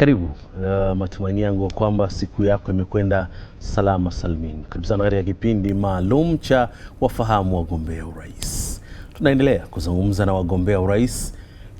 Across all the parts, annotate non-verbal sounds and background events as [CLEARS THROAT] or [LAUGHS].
Karibu. Uh, matumaini yangu kwamba siku yako imekwenda salama salmin. Karibu sana katika kipindi maalum cha wafahamu wagombea urais. Tunaendelea kuzungumza na wagombea urais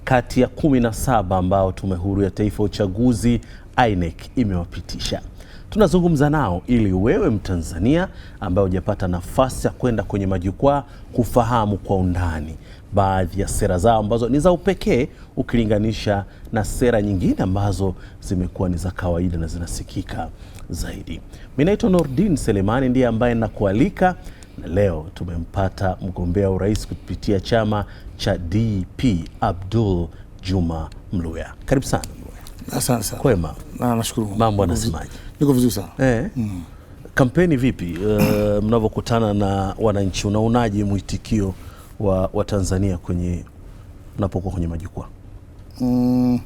kati ya kumi na saba ambao Tume Huru ya Taifa ya Uchaguzi INEC imewapitisha. Tunazungumza nao ili wewe Mtanzania ambaye hujapata nafasi ya kwenda kwenye majukwaa kufahamu kwa undani baadhi ya sera zao ambazo ni za upekee ukilinganisha na sera nyingine ambazo zimekuwa ni za kawaida na zinasikika zaidi. Mimi naitwa Nordin Selemani ndiye ambaye nakualika na leo tumempata mgombea urais kupitia chama cha DP Abdul Juma Mluya. Karibu sana Mluya. Asante sana. Kwema. Na nashukuru. Mambo anasemaje? Niko vizuri sana. Eh. Mm. Kampeni vipi? Uh, [CLEARS THROAT] mnavyokutana na wananchi unaonaje mwitikio wa, wa Tanzania kwenye unapokuwa kwenye majukwaa? Mm,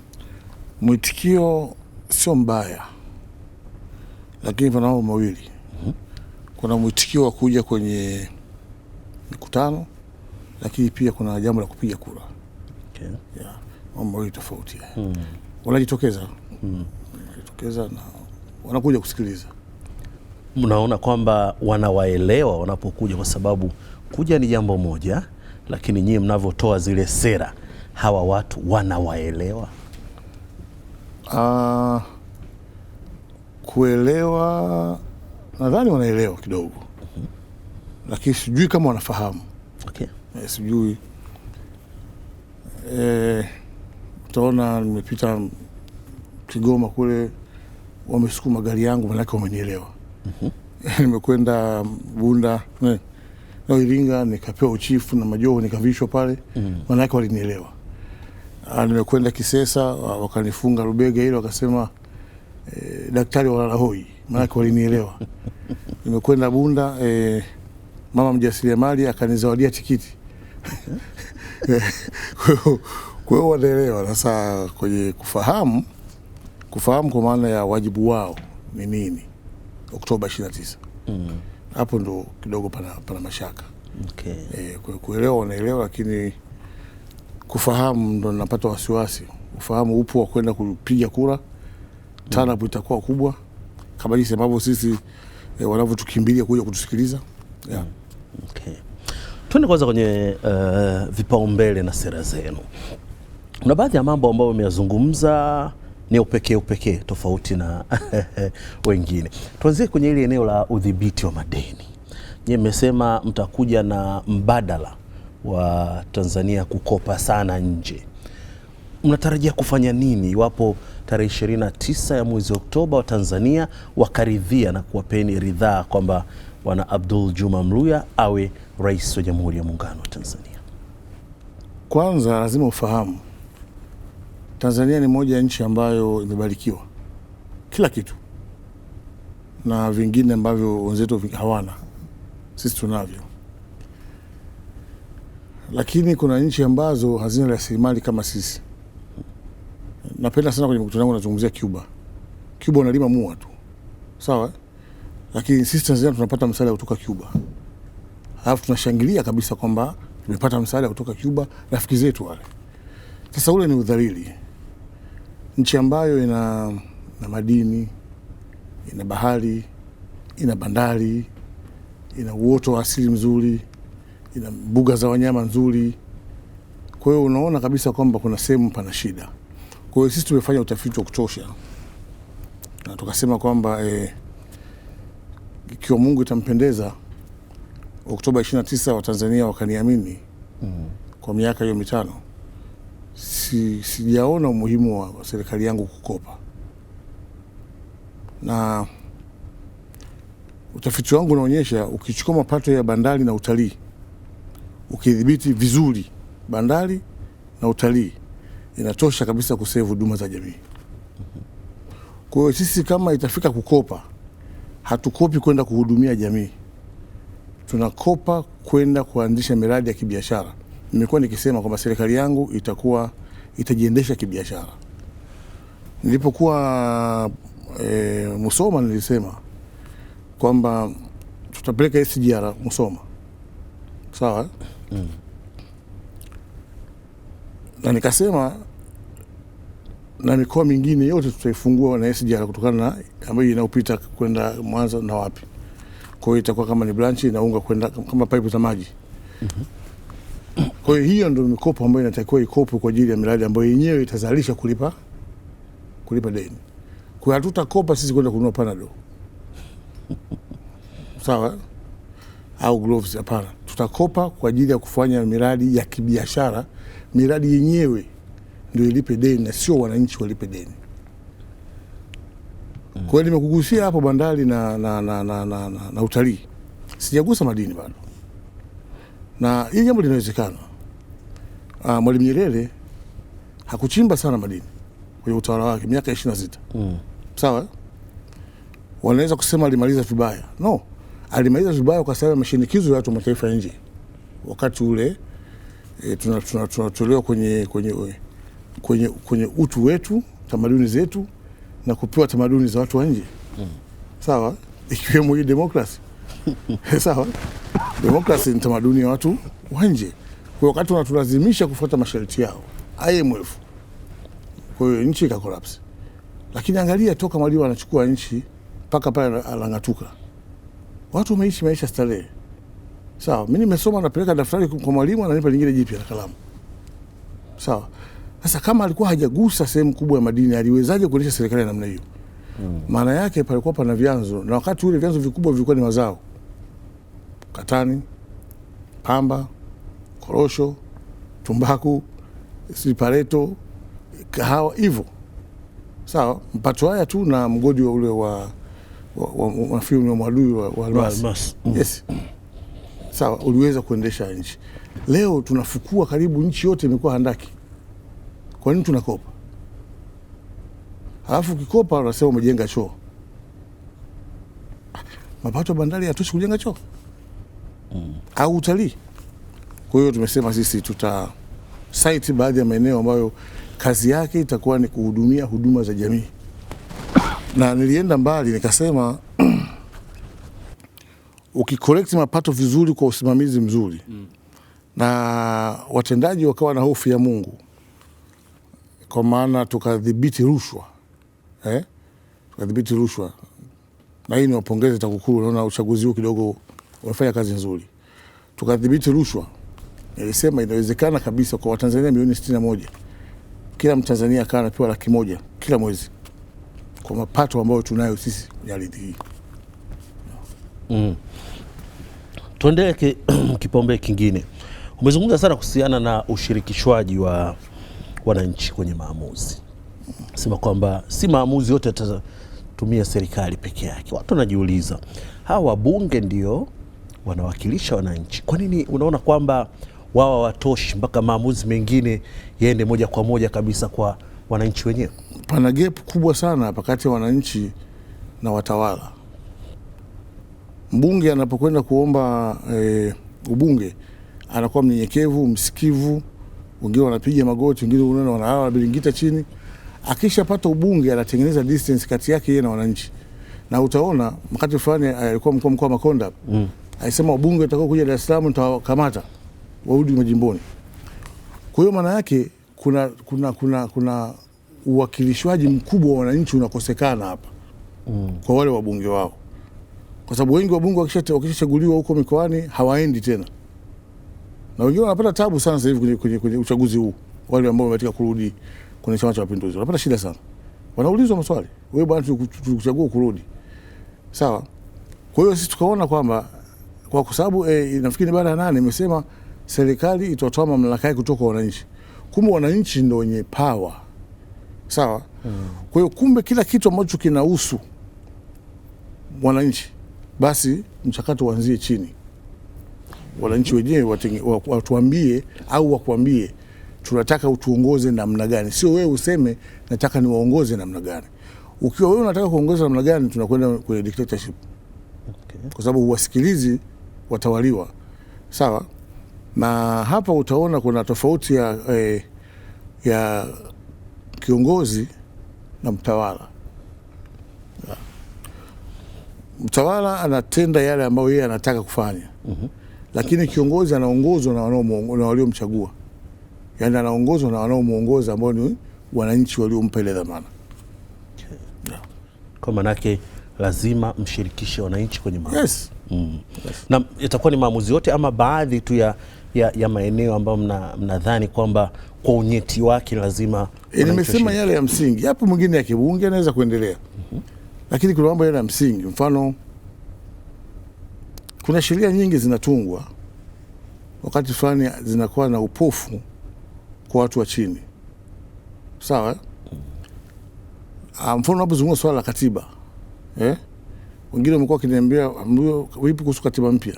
sio mbaya, lakini pana mambo mawili. mm -hmm. Kuna mwitikio wa kuja kwenye mikutano, lakini pia kuna jambo la kupiga kura. okay. yeah. Mambo mawili tofauti. mm Wanajitokeza, mm wanajitokeza na wanakuja kusikiliza mnaona kwamba wanawaelewa wanapokuja, kwa sababu kuja ni jambo moja, lakini nyie mnavyotoa zile sera hawa watu wanawaelewa? Uh, kuelewa nadhani wanaelewa kidogo, mm -hmm. lakini sijui kama wanafahamu. Okay. E, sijui e, utaona nimepita Kigoma kule wamesukuma gari yangu, manake wamenielewa. mm -hmm. [LAUGHS] Nimekwenda Bunda eh, na Iringa nikapewa uchifu na majoho nikavishwa pale mm. Mm-hmm. Wanawake walinielewa. Ah, nimekwenda Kisesa wakanifunga rubega ile wakasema e, daktari walala hoi, maanake walinielewa. [LAUGHS] Nimekwenda Bunda e, mama mjasiriamali akanizawadia tikiti [LAUGHS] kwa hiyo wanaelewa sasa kwenye kufahamu kufahamu kwa maana ya wajibu wao ni nini Oktoba 29 mm. Mm-hmm hapo ndo kidogo pana, pana mashaka okay. E, kuelewa wanaelewa, lakini kufahamu ndo napata wasiwasi. Ufahamu upo wa kwenda kupiga kura, tanap itakuwa kubwa kama jinsi ambavyo sisi e, wanavyotukimbilia kuja kutusikiliza yeah. Mm, okay. Tuende kwanza kwenye uh, vipaumbele na sera zenu. Kuna baadhi ya mambo ambayo umeyazungumza ni upekee upekee tofauti na [LAUGHS] wengine. Tuanzie kwenye ile eneo la udhibiti wa madeni. Nyie mmesema mtakuja na mbadala wa Tanzania kukopa sana nje. Mnatarajia kufanya nini iwapo tarehe ishirini na tisa ya mwezi Oktoba wa Tanzania wakaridhia na kuwapeni ridhaa kwamba Bwana Abdul Juma Mluya awe rais wa Jamhuri ya Muungano wa Tanzania? Kwanza lazima ufahamu Tanzania ni moja ya nchi ambayo imebarikiwa kila kitu na vingine ambavyo wenzetu hawana sisi tunavyo, lakini kuna nchi ambazo hazina rasilimali kama sisi. Napenda sana kwenye mkutano wangu nazungumzia Cuba. Cuba wanalima mua tu, sawa, lakini sisi Tanzania tunapata msaada kutoka Cuba, alafu tunashangilia kabisa kwamba tumepata msaada kutoka Cuba, rafiki zetu wale. Sasa ule ni udhalili nchi ambayo ina, na madini, ina bahari, ina bandari, ina uoto wa asili mzuri, ina mbuga za wanyama nzuri. Kwa hiyo unaona kabisa kwamba kuna sehemu pana shida. Kwa hiyo sisi tumefanya utafiti wa kutosha na tukasema kwamba eh, ikiwa Mungu itampendeza Oktoba 29 Watanzania wakaniamini mm. kwa miaka hiyo mitano si, sijaona umuhimu wa serikali yangu kukopa, na utafiti wangu unaonyesha ukichukua mapato ya bandari na utalii, ukidhibiti vizuri bandari na utalii, inatosha kabisa kusevu huduma za jamii. Kwa hiyo sisi kama itafika kukopa, hatukopi kwenda kuhudumia jamii, tunakopa kwenda kuanzisha miradi ya kibiashara nimekuwa nikisema kwamba serikali yangu itakuwa itajiendesha kibiashara. Nilipokuwa e, Musoma nilisema kwamba tutapeleka SGR Musoma, sawa mm. na nikasema na mikoa mingine yote tutaifungua na SGR kutokana na ambayo inaopita kwenda Mwanza na wapi. Kwa hiyo itakuwa kama ni branch inaunga kwenda kama paipu za maji mm -hmm. Kwa hiyo hiyo ndio mikopo ambayo inatakiwa ikopwe kwa ajili ya miradi ambayo yenyewe itazalisha kulipa kulipa deni. Kwa hiyo hatutakopa sisi kwenda kununua panado [LAUGHS] sawa, au gloves, hapana. Tutakopa kwa ajili ya kufanya miradi ya kibiashara, miradi yenyewe ndio ilipe deni na sio wananchi walipe deni. Mm. Kwa hiyo nimekugusia hapo bandari na, na, na, na, na, na, na utalii, sijagusa madini bado, na hili jambo linawezekana uh, Mwalimu Nyerere hakuchimba sana madini kwenye utawala wake miaka ishirini na sita. Mm. Sawa, wanaweza kusema alimaliza vibaya. No, alimaliza vibaya kwa sababu ya mashinikizo ya watu wa mataifa ya nje wakati ule. E, eh, tunatolewa tuna, tuna kwenye, kwenye, kwenye, kwenye utu wetu, tamaduni zetu na kupewa tamaduni za watu wa nje. Mm. Sawa, ikiwemo hii demokrasi [LAUGHS] sawa, demokrasi ni tamaduni ya watu wa nje. Kwa wakati wanatulazimisha kufuata masharti yao IMF, kwa hiyo nchi ikakolapsi. Lakini angalia toka Mwalimu anachukua nchi mpaka pale anang'atuka, watu wameishi maisha starehe. Sawa, mi nimesoma, napeleka daftari kwa Mwalimu, ananipa lingine jipya na kalamu. Sawa. Sasa kama alikuwa hajagusa sehemu kubwa ya madini, aliwezaje kuonyesha serikali ya namna hiyo? Hmm. Maana hmm, yake palikuwa pana vyanzo, na wakati ule vyanzo vikubwa vilikuwa ni mazao, katani, pamba korosho, tumbaku, sipareto, kahawa, hivyo sawa. Mpato haya tu na mgodi wa ule wa mafiumi wa mwadui wa, wa, wa, wa almasi mm. yes. Sawa, uliweza kuendesha nchi. Leo tunafukua karibu nchi yote imekuwa handaki. Kwa nini tunakopa? Halafu ukikopa unasema umejenga choo. Mapato ya bandari yatoshi kujenga choo mm. au utalii kwa hiyo tumesema sisi tuta site baadhi ya maeneo ambayo kazi yake itakuwa ni kuhudumia huduma za jamii, na nilienda mbali nikasema [CLEARS THROAT] ukicollect mapato vizuri kwa usimamizi mzuri mm. na watendaji wakawa na hofu ya Mungu, kwa maana tukadhibiti rushwa eh? tukadhibiti rushwa, na hii ni wapongeze TAKUKURU, naona uchaguzi huu kidogo wamefanya kazi nzuri, tukadhibiti rushwa nilisema inawezekana kabisa kwa Watanzania milioni sitini na moja kila Mtanzania akawa anapewa laki moja kila mwezi kwa mapato ambayo tunayo sisi kwenye ardhi hii mm. Tuendee ki, [CLEARS THROAT] kipaumbele kingine. Umezungumza sana kuhusiana na ushirikishwaji wa wananchi kwenye maamuzi, sema kwamba si maamuzi yote yatatumia serikali peke yake. Watu wanajiuliza hawa wabunge ndio wanawakilisha wananchi, kwa nini unaona kwamba wao watoshi mpaka maamuzi mengine yaende moja kwa moja kabisa kwa wananchi wenyewe. Pana gap kubwa sana pakati ya wananchi na watawala. Mbunge anapokwenda kuomba e, ubunge anakuwa mnyenyekevu, msikivu, wengine wanapiga magoti, wengine unaona wanalala bilingita chini. Akishapata ubunge anatengeneza distance kati yake yeye na wananchi, na utaona wakati fulani eh, alikuwa mkuu mkoa Makonda mm. alisema ubunge utakao kuja Dar es Salaam nitawakamata warudi majimboni. Kwa hiyo maana yake kuna, kuna, kuna, kuna uwakilishwaji mkubwa wa wananchi unakosekana hapa mm. kwa wale wabunge wao, kwa sababu wengi wabunge wakishachaguliwa huko mikoani hawaendi tena, na wengine wanapata tabu sana sasa hivi kwenye, kwenye, kwenye uchaguzi huu. Wale ambao wametaka kurudi kwenye Chama cha Mapinduzi wanapata shida sana, wanaulizwa maswali, wewe bwana, tulikuchagua kurudi, sawa. Kwa hiyo sisi tukaona kwamba kwa sababu eh, nafikiri ni baada ya nane imesema serikali itatoa mamlaka yake kutoka wananchi. Kumbe wananchi ndio wenye power, sawa? mm. Kwa hiyo kumbe kila kitu ambacho kinahusu wananchi, basi mchakato uanzie chini, wananchi wenyewe watuambie au wakuambie tunataka utuongoze namna gani, sio wewe useme nataka niwaongoze namna gani. Ukiwa wewe unataka kuongoza namna gani, tunakwenda kwenye dictatorship okay. Kwa sababu wasikilizi watawaliwa, sawa na hapa utaona kuna tofauti ya, eh, ya kiongozi na mtawala. Mtawala anatenda yale ambayo yeye anataka kufanya mm -hmm. Lakini kiongozi anaongozwa na waliomchagua, yaani anaongozwa na wanaomwongoza ambao ni wananchi waliompa ile dhamana. Kwa maanake lazima mshirikishe wananchi kwenye maamuzi yes. mm. yes. na itakuwa ni maamuzi yote ama baadhi tu ya ya, ya maeneo ambayo mnadhani mna kwamba kwa unyeti wake lazima e, nimesema yale ya msingi. Yapo mwingine ya kibunge anaweza kuendelea mm -hmm. Lakini kuna mambo yale ya msingi, mfano kuna sheria nyingi zinatungwa wakati fulani zinakuwa na upofu kwa watu wa chini, sawa mm Mfano unapozungumza swala la katiba eh? Wengine wamekuwa wakiniambia vipi kuhusu katiba mpya.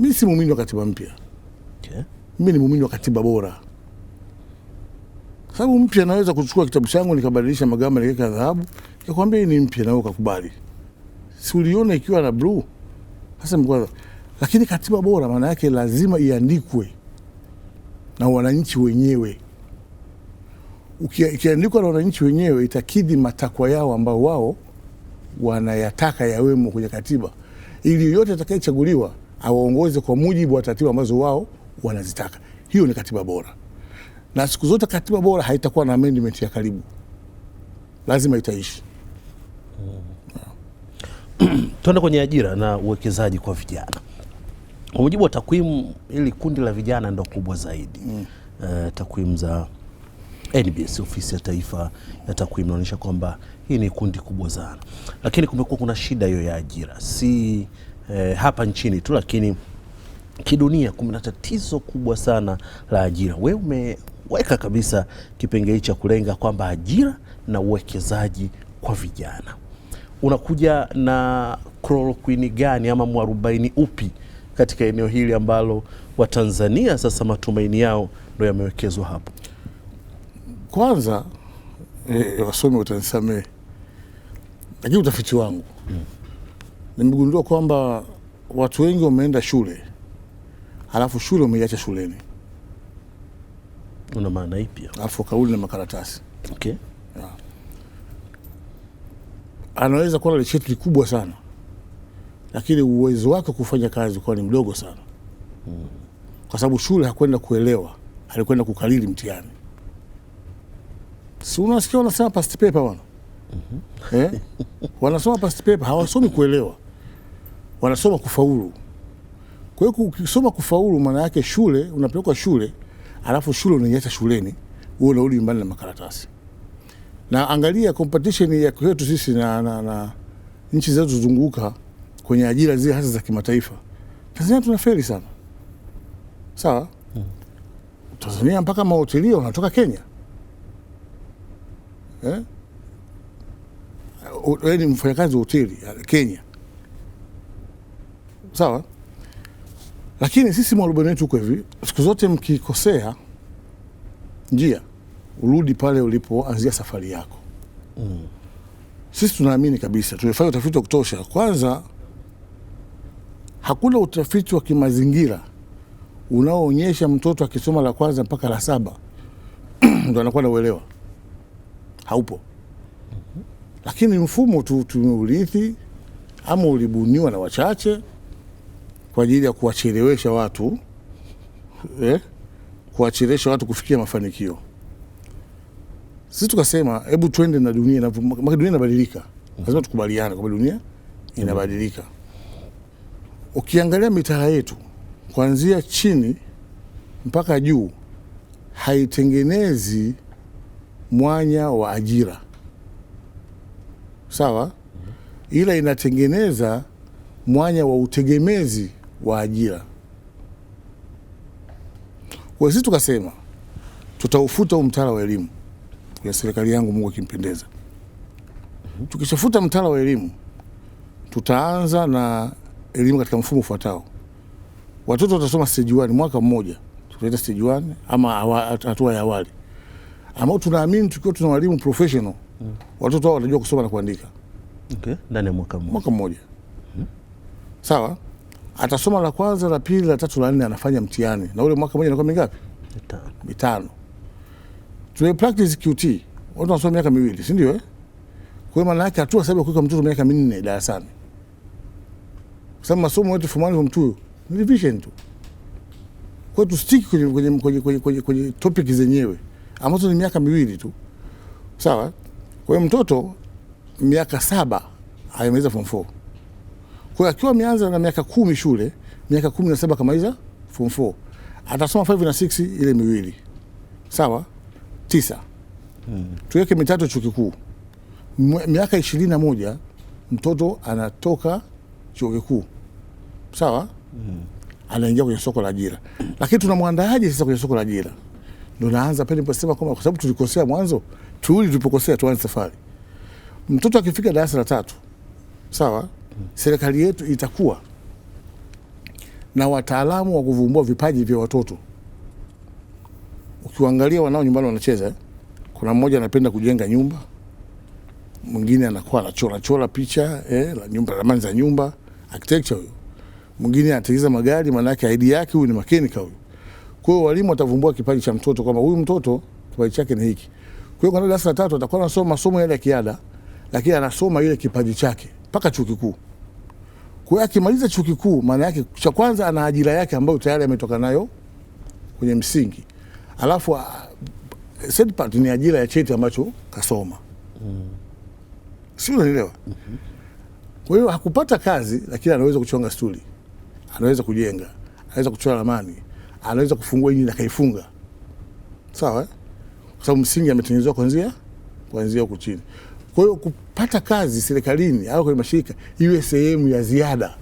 Mi si muumini wa katiba mpya mimi ni muumini wa katiba bora, sababu mpya anaweza kuchukua kitabu changu nikabadilisha magamba nikaweka dhahabu, nikakwambia hii ni mpya, nawe ukakubali. Si uliona ikiwa na bluu? Sasa mkwaza. Lakini katiba bora maana yake lazima iandikwe na wananchi wenyewe. Ikiandikwa na wananchi wenyewe itakidhi matakwa yao ambao wao wanayataka yawemo kwenye katiba, ili yoyote atakayechaguliwa awaongoze kwa mujibu wa taratibu ambazo wao wanazitaka. Hiyo ni katiba bora, na siku zote katiba bora haitakuwa na amendment ya karibu, lazima itaishi. Hmm. Tuende [CLEARS THROAT] kwenye ajira na uwekezaji kwa vijana. Kwa mujibu wa takwimu, ili kundi la vijana ndo kubwa zaidi. Mm. Uh, takwimu za NBS, ofisi ya taifa ya takwimu, inaonyesha kwamba hii ni kundi kubwa sana, lakini kumekuwa kuna shida hiyo ya ajira, si eh, hapa nchini tu, lakini kidunia kuna tatizo kubwa sana la ajira. Wewe umeweka kabisa kipengele cha kulenga kwamba ajira na uwekezaji kwa vijana. Unakuja na klorokwini gani ama mwarubaini upi katika eneo hili ambalo Watanzania sasa matumaini yao ndo yamewekezwa hapo? Kwanza e, wasomi watanisamehe, lakini utafiti wangu mm, nimegundua kwamba watu wengi wameenda shule halafu shule umeiacha shuleni, una maana ipi? Alafu kauli na makaratasi okay. yeah. anaweza kuwa na cheti kikubwa sana lakini uwezo wake kufanya kazi ukawa ni mdogo sana mm. kwa sababu shule hakwenda kuelewa, alikwenda kukalili mtihani. Si unasikia wanasema past paper wana mm -hmm. eh? [LAUGHS] wanasoma past paper, hawasomi kuelewa, wanasoma kufaulu. Kwa hiyo ukisoma kufaulu, maana yake shule unapelekwa shule, alafu shule unaiacha shuleni, wewe unarudi nyumbani na makaratasi. Na angalia competition ya kwetu sisi na, na, na nchi zinazozunguka kwenye ajira zile hasa za kimataifa, Tanzania tunafeli sana. Sawa, hmm. Tanzania mpaka mahotelia wanatoka Kenya eh? ni mfanyakazi wa hoteli Kenya, sawa lakini sisi mwarubani wetu uko hivi, siku zote mkikosea njia urudi pale ulipoanzia safari yako mm. Sisi tunaamini kabisa, tumefanya utafiti wa kutosha. Kwanza, hakuna utafiti wa kimazingira unaoonyesha mtoto akisoma la kwanza mpaka la saba [CLEARS THROAT] ndo anakuwa na uelewa, haupo. Mm-hmm. Lakini mfumo tu tumeurithi ama ulibuniwa na wachache kwa ajili ya kuwachelewesha watu eh, kuwachelewesha watu kufikia mafanikio. Sisi tukasema hebu twende na dunia na dunia inabadilika, lazima tukubaliane kwamba dunia inabadilika. Ukiangalia mitaala yetu kuanzia chini mpaka juu haitengenezi mwanya wa ajira sawa, ila inatengeneza mwanya wa utegemezi wa ajira. Kwa sisi tukasema tutaufuta huu mtaala wa elimu ya serikali yangu, Mungu akimpendeza. Tukishafuta mtaala wa elimu, tutaanza na elimu katika mfumo ufuatao: watoto watasoma stage 1 mwaka mmoja, tutaita stage 1 ama hatua ya awali, ambao tunaamini tukiwa tuna walimu professional mm. watoto hao watajua kusoma na kuandika okay. ndani ya mwaka mmoja, mwaka mmoja. Hmm. sawa atasoma la kwanza, la pili, la tatu, la nne, anafanya mtihani, na ule mwaka mmoja anakuwa mingapi? Mitano. Tuwe practice QT, watu wanasoma miaka miwili, si ndio? Eh, kwa maana yake hatua sababu kuweka mtoto miaka minne darasani, kwa sababu masomo yote fomani mtu ni revision tu. Kwa hiyo tustiki kwenye, kwenye, kwenye, kwenye, kwenye, kwenye topic zenyewe ambazo ni miaka miwili tu, sawa. Kwa hiyo mtoto miaka saba amemaliza form 4 kwa akiwa ameanza na miaka kumi shule, miaka kumi na saba kamaliza form 4. Atasoma 5 na 6 ile miwili. Sawa? Tisa. Hmm. Tuweke mitatu chuo kikuu. Miaka ishirini na moja mtoto anatoka chuo kikuu. Sawa? Hmm. Anaingia kwenye soko la ajira. Lakini tunamwandaaje sasa kwenye soko la ajira? Ndio naanza pale niposema kwamba kwa sababu tulikosea mwanzo, turudi tulipokosea tuanze safari. Mtoto akifika darasa la tatu. Sawa? serikali yetu itakuwa na wataalamu wa kuvumbua vipaji vya watoto. Ukiwaangalia wanao nyumbani wanacheza, kuna mmoja anapenda kujenga nyumba, mwingine anakuwa anachorachora picha eh, la nyumba, ramani za nyumba, architecture huyo. Mwingine anatengeneza magari, maana yake idea yake huyu ni mechanic huyo. Kwa hiyo walimu watavumbua kipaji cha mtoto kwamba huyu mtoto kipaji chake ni hiki. Kwa hiyo kwa darasa la tatu atakuwa anasoma masomo yale ya kiada, lakini anasoma ile kipaji chake mpaka chuo kikuu. Kwa hiyo akimaliza chuo kikuu, maana yake cha kwanza ana ajira yake ambayo tayari ametoka nayo kwenye msingi, alafu ah, third part ni ajira ya cheti ambacho kasoma mm. si unanielewa? mm -hmm. Kwa hiyo hakupata kazi, lakini anaweza kuchonga stuli, anaweza kujenga, anaweza kuchora ramani, anaweza kufungua injini akaifunga. Sawa, eh? kwa sababu msingi ametengenezwa kuanzia kuanzia huku chini. Kwa hiyo kupata kazi serikalini au kwenye mashirika iwe sehemu ya ziada,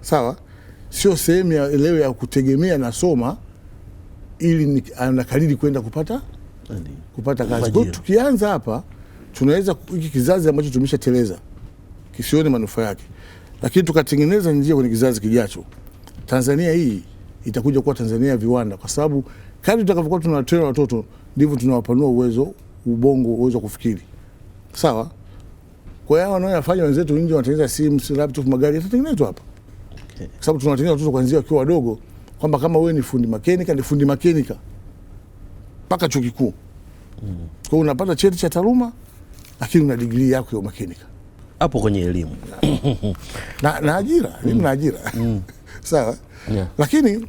sawa, sio sehemu ya leo ya kutegemea nasoma ili anakaridi kwenda kupata Ani, kupata kazi. Kwa hiyo tukianza hapa tunaweza hiki kizazi ambacho tumeshateleza kisione manufaa yake, lakini tukatengeneza njia kwenye kizazi kijacho, Tanzania hii itakuja kuwa Tanzania ya viwanda, kwa sababu kadri tutakavyokuwa tunawatrena watoto ndivyo tunawapanua uwezo ubongo uweze kufikiri sawa. Kwa hiyo wanaoyafanya wenzetu nje wanatengeneza simu, si laptop, magari yatatengenezwa hapa okay. Kwa sababu tunawatengeneza watoto kuanzia wakiwa wadogo, kwamba kama wewe ni fundi mekanika ni fundi mekanika mpaka chuo kikuu mm. Kwa hiyo unapata cheti cha taaluma lakini una digrii yako ya umekanika hapo kwenye elimu na, na ajira elimu mm. na ajira mm. [LAUGHS] sawa yeah. Lakini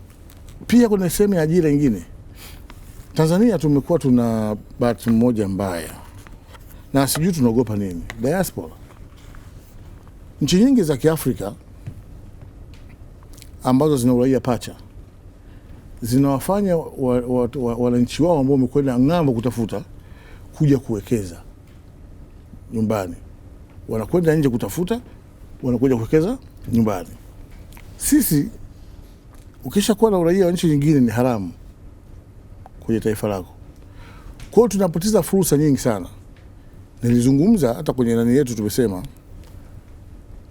pia kuna sehemu ya ajira ingine Tanzania tumekuwa tuna bahati mmoja mbaya, na sijui tunaogopa nini, diaspora. Nchi nyingi za Kiafrika ambazo zina uraia pacha zinawafanya wananchi wa, wa, wa, wao ambao wamekwenda ng'ambo kutafuta kuja kuwekeza nyumbani, wanakwenda nje kutafuta, wanakuja kuwekeza nyumbani. Sisi ukisha kuwa na uraia wa nchi nyingine ni haramu kwenye taifa lako. Kwa hiyo tunapoteza fursa nyingi sana. Nilizungumza hata kwenye nani yetu, tumesema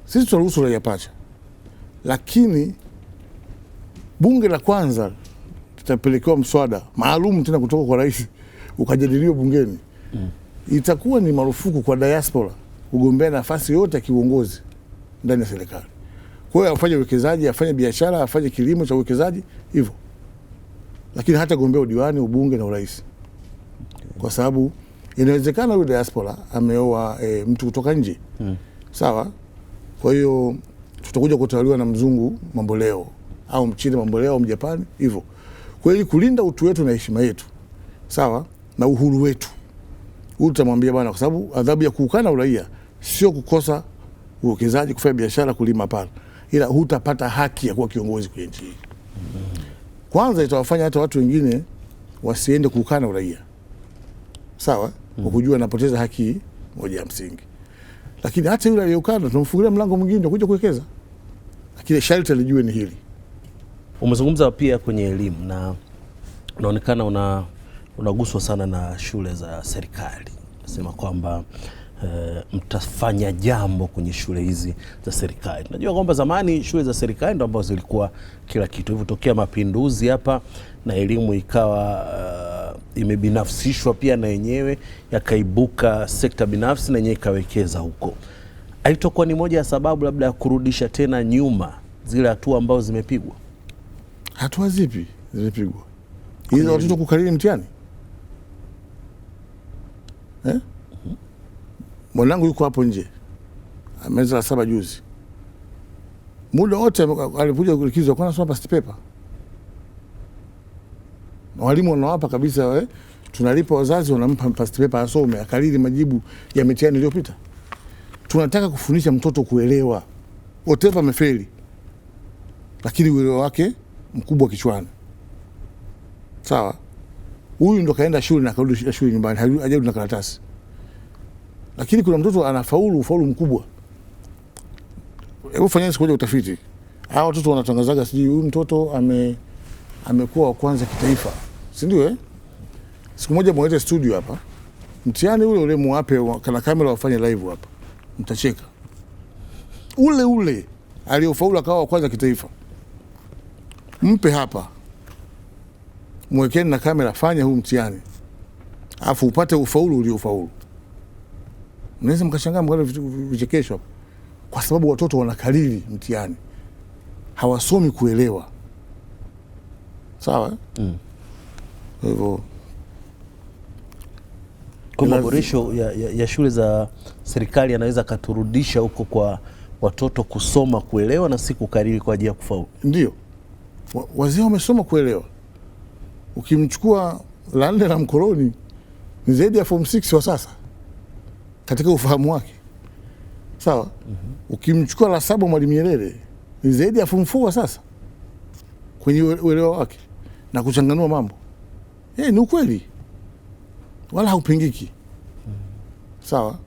sisi tunaruhusu raia pacha, lakini bunge la kwanza tutapelekewa mswada maalum tena kutoka kwa rais ukajadiliwa bungeni mm. Itakuwa ni marufuku kwa diaspora kugombea nafasi yote ya kiuongozi ndani ya serikali. Kwa hiyo afanye uwekezaji, afanye biashara, afanye kilimo cha uwekezaji hivyo lakini hata gombea udiwani, ubunge na urais, kwa sababu inawezekana huyu diaspora ameoa e, mtu kutoka nje hmm. Sawa, kwa hiyo tutakuja kutawaliwa na mzungu mambo leo au mchina mambo leo au mjapani hivyo. Kwa hiyo kulinda utu wetu na heshima yetu, sawa, na uhuru wetu, huu, tutamwambia bwana, kwa sababu adhabu ya kuukana uraia sio kukosa uwekezaji, kufanya biashara, kulima, hapana, ila hutapata haki ya kuwa kiongozi kwenye nchi hii. Hmm kwanza itawafanya hata watu wengine wasiende kuukana uraia, sawa kwa mm. kujua napoteza haki moja ya msingi, lakini hata yule aliyeukana tunamfungulia mlango mwingine kuja kuwekeza, lakini sharti alijue ni hili. Umezungumza pia kwenye elimu na unaonekana una unaguswa sana na shule za serikali, nasema kwamba Eh, mtafanya jambo kwenye shule hizi za serikali. Tunajua kwamba zamani shule za serikali ndo ambazo zilikuwa kila kitu, hivyo tokea mapinduzi hapa na elimu ikawa uh, imebinafsishwa pia na yenyewe, yakaibuka sekta binafsi na yenyewe ikawekeza huko. Haitokuwa ni moja ya sababu labda ya kurudisha tena nyuma zile hatua ambazo zimepigwa. Hatua zipi zimepigwa? Hizo watoto kukariri mtihani eh? mwanangu yuko hapo nje, ameza la saba juzi, muda wote alikuja likizo kwa anasoma past paper. Walimu wanawapa kabisa we, eh, tunalipa wazazi, wanampa past paper asome, akalili majibu ya mitihani iliyopita. Tunataka kufundisha mtoto kuelewa, whatever amefeli, lakini uelewa wake mkubwa kichwani. Sawa, huyu ndo kaenda shule na karudi shule nyumbani, hajarudi na karatasi lakini kuna mtoto anafaulu ufaulu mkubwa. Hebu fanyeni sikuja utafiti, hawa watoto wanatangazaga sijui huyu mtoto ame amekuwa wa kwanza kitaifa, si ndio eh? Siku moja mwalete studio hapa, mtihani ule ule muwape kana kamera wafanye live hapa, mtacheka. Ule ule aliofaulu akawa wa kwanza kitaifa, mpe hapa, mwekeni na kamera, fanya huu mtihani, afu upate ufaulu uliofaulu mnaweza mkashangaa mkaona vitu vichekesho kwa sababu watoto wanakariri mtihani, hawasomi kuelewa. Sawa, mm. kwa hivyo kwa maboresho ya, ya, ya shule za serikali anaweza akaturudisha huko kwa watoto kusoma kuelewa na si kukariri kwa ajili ya kufaulu. Ndio wazee wamesoma kuelewa. Ukimchukua la nne la mkoloni ni zaidi ya form 6 wa sasa katika ufahamu wake sawa. mm -hmm. Ukimchukua la saba Mwalimu Nyerere ni zaidi ya fumfua sasa kwenye uelewa wake na kuchanganua mambo hey, eh, ni ukweli wala haupingiki. mm -hmm. Sawa.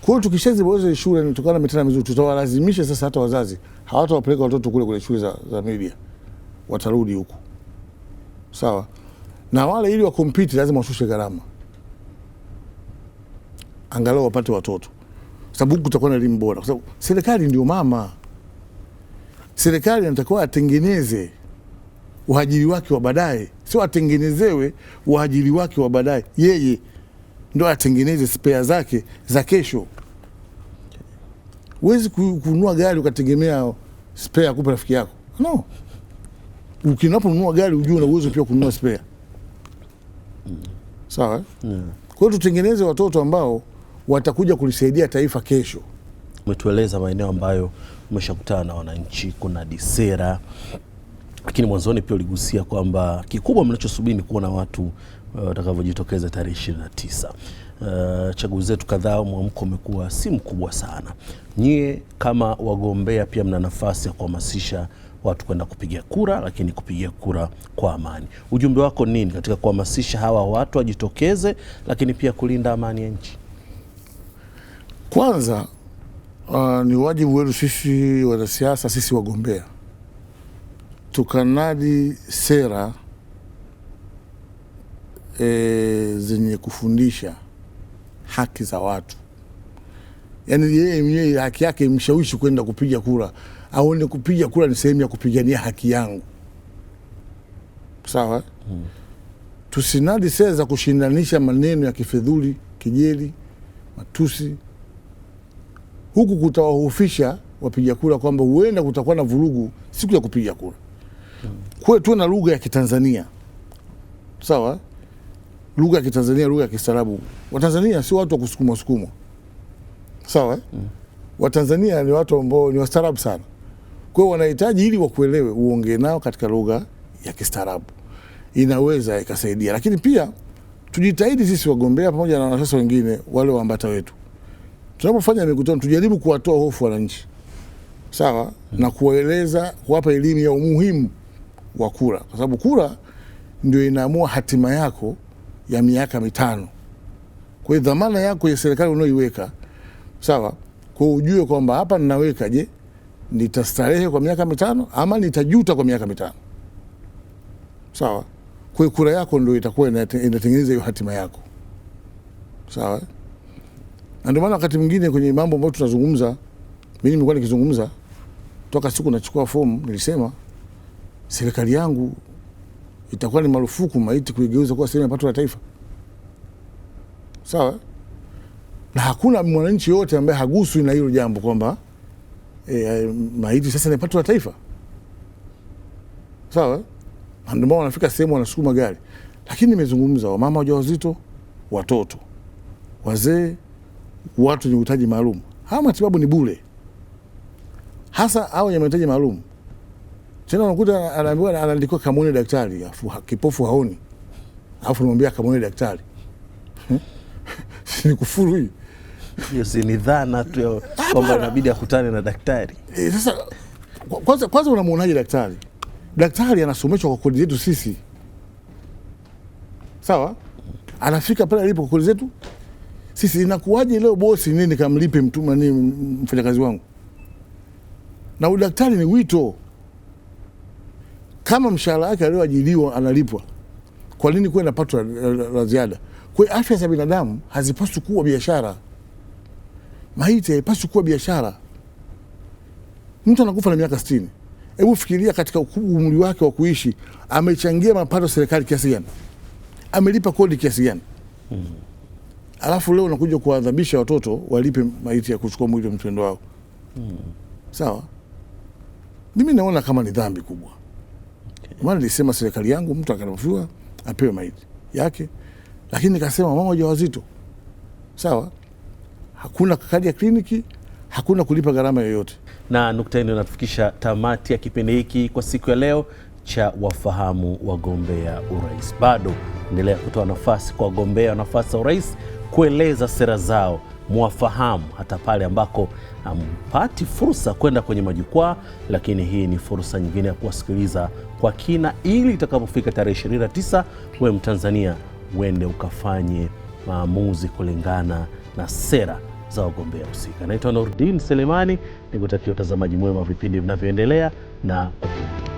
Kwa hiyo tukishaziboresha shule natokana mitana mizuri, tutawalazimisha sasa, hata wazazi hawatawapeleka watoto kule kwenye shule za, za media, watarudi huku sawa, na wale ili wakompiti lazima washushe gharama angalau wapate watoto, sababu kutakuwa na elimu bora, kwa sababu serikali ndio mama. Serikali anatakiwa atengeneze waajiri wake wa baadaye, sio atengenezewe waajiri wake wa baadaye. Yeye ndo atengeneze spea zake za kesho. Huwezi kununua gari ukategemea spea kupa rafiki yako, no. Ukinaponunua gari ujue una uwezo pia kununua spea, sawa. Kwa hiyo tutengeneze watoto ambao watakuja kulisaidia taifa kesho. Umetueleza maeneo ambayo umeshakutana na wananchi, kuna disera, lakini mwanzoni pia uligusia kwamba kikubwa mnachosubiri ni kuona watu eh, watakavyojitokeza uh, tarehe ishirini na tisa. Uh, chaguzi zetu kadhaa, mwamko umekuwa si mkubwa sana. Nyie kama wagombea pia mna nafasi ya kuhamasisha watu kwenda kupiga kura, lakini kupiga kura kwa amani. Ujumbe wako nini katika kuhamasisha hawa watu wajitokeze, lakini pia kulinda amani ya nchi? Kwanza uh, ni wajibu wetu sisi wanasiasa, sisi wagombea tukanadi sera e, zenye kufundisha haki za watu, yaani yeye mwenyewe haki yake imshawishi kwenda kupiga kura, aone kupiga kura ni sehemu ya kupigania haki yangu, sawa hmm. Tusinadi sera za kushindanisha maneno ya kifedhuli, kejeli, matusi huku kutawahofisha wapiga kura kwamba huenda kutakuwa na vurugu siku ya kupiga kura. Kwa tuwe na lugha ya Kitanzania, sawa, lugha ya Kitanzania, lugha ya kistaarabu. Watanzania si watu wa kusukumwa sukumwa, sawa. Watanzania ni watu ambao ni wastaarabu sana, kwa hiyo wanahitaji ili wakuelewe, uongee nao katika lugha ya kistaarabu, inaweza ikasaidia. Lakini pia tujitahidi sisi wagombea pamoja na wanasiasa wengine, wale waambata wetu tunapofanya mikutano tujaribu kuwatoa hofu wananchi, sawa hmm, na kuwaeleza, kuwapa elimu ya umuhimu wa kura, kwa sababu kura ndio inaamua hatima yako ya miaka mitano. Kwa hiyo dhamana yako ya serikali unaoiweka sawa, kwa ujue kwamba hapa ninaweka, je, nitastarehe kwa miaka mitano ama nitajuta kwa miaka mitano? Sawa, kwa hiyo kura yako ndio itakuwa inatengeneza hiyo hatima yako, sawa na ndio maana wakati mwingine kwenye mambo ambayo tunazungumza, mimi nimekuwa nikizungumza toka siku nachukua fomu, nilisema serikali yangu itakuwa ni marufuku maiti kuigeuza kuwa sehemu ya pato la taifa, sawa na hakuna mwananchi yote ambaye haguswi na hilo jambo kwamba e, maiti sasa ni pato la taifa, sawa. Ndio maana wanafika sehemu wanasukuma gari, lakini nimezungumza wamama wajawazito, watoto, wazee watu wenye uhitaji maalum. Haya matibabu ni bure, hasa au wenye mahitaji maalum. Tena unakuta anaambiwa, anaandikiwa kamuone daktari, afu kipofu haoni, afu namwambia kamuone daktari [LAUGHS] ni kufuru hii. Hiyo si ni dhana tu kwamba inabidi akutane na daktari. E, sasa kwanza kwanza unamuonaje daktari? Daktari anasomeshwa kwa kodi zetu sisi, sawa? Anafika pale alipo kwa kodi zetu sisi inakuwaje leo bosi nini nikamlipe mtuma ni mfanyakazi wangu? Na udaktari ni wito, kama mshahara wake alioajiliwa analipwa, kwa nini kuwe na pato la ziada? Kwa afya za binadamu hazipaswi kuwa biashara, maiti haipaswi kuwa biashara. Mtu anakufa na miaka sitini. Hebu fikiria katika umri wake wa kuishi amechangia mapato serikali kiasi gani? Amelipa kodi kiasi gani? mm -hmm alafu leo unakuja kuwaadhabisha watoto walipe maiti ya kuchukua mwili wa mtendo wao hmm. Sawa, mimi naona kama ni dhambi kubwa okay. Maana nilisema serikali yangu mtu akanafiwa apewe maiti yake, lakini nikasema mama wajawazito, sawa, hakuna kadi ya kliniki, hakuna kulipa gharama yoyote. Na nukta hii ndio inatufikisha tamati ya kipindi hiki kwa siku ya leo cha wafahamu wagombea urais. Bado endelea kutoa nafasi kwa wagombea nafasi za urais kueleza sera zao mwafahamu hata pale ambako hampati fursa kwenda kwenye majukwaa, lakini hii ni fursa nyingine ya kuwasikiliza kwa kina, ili itakapofika tarehe 29 we Mtanzania uende ukafanye maamuzi kulingana na sera za wagombea husika. Naitwa Nurdin Selemani, nikutakia utazamaji mwema wa vipindi vinavyoendelea na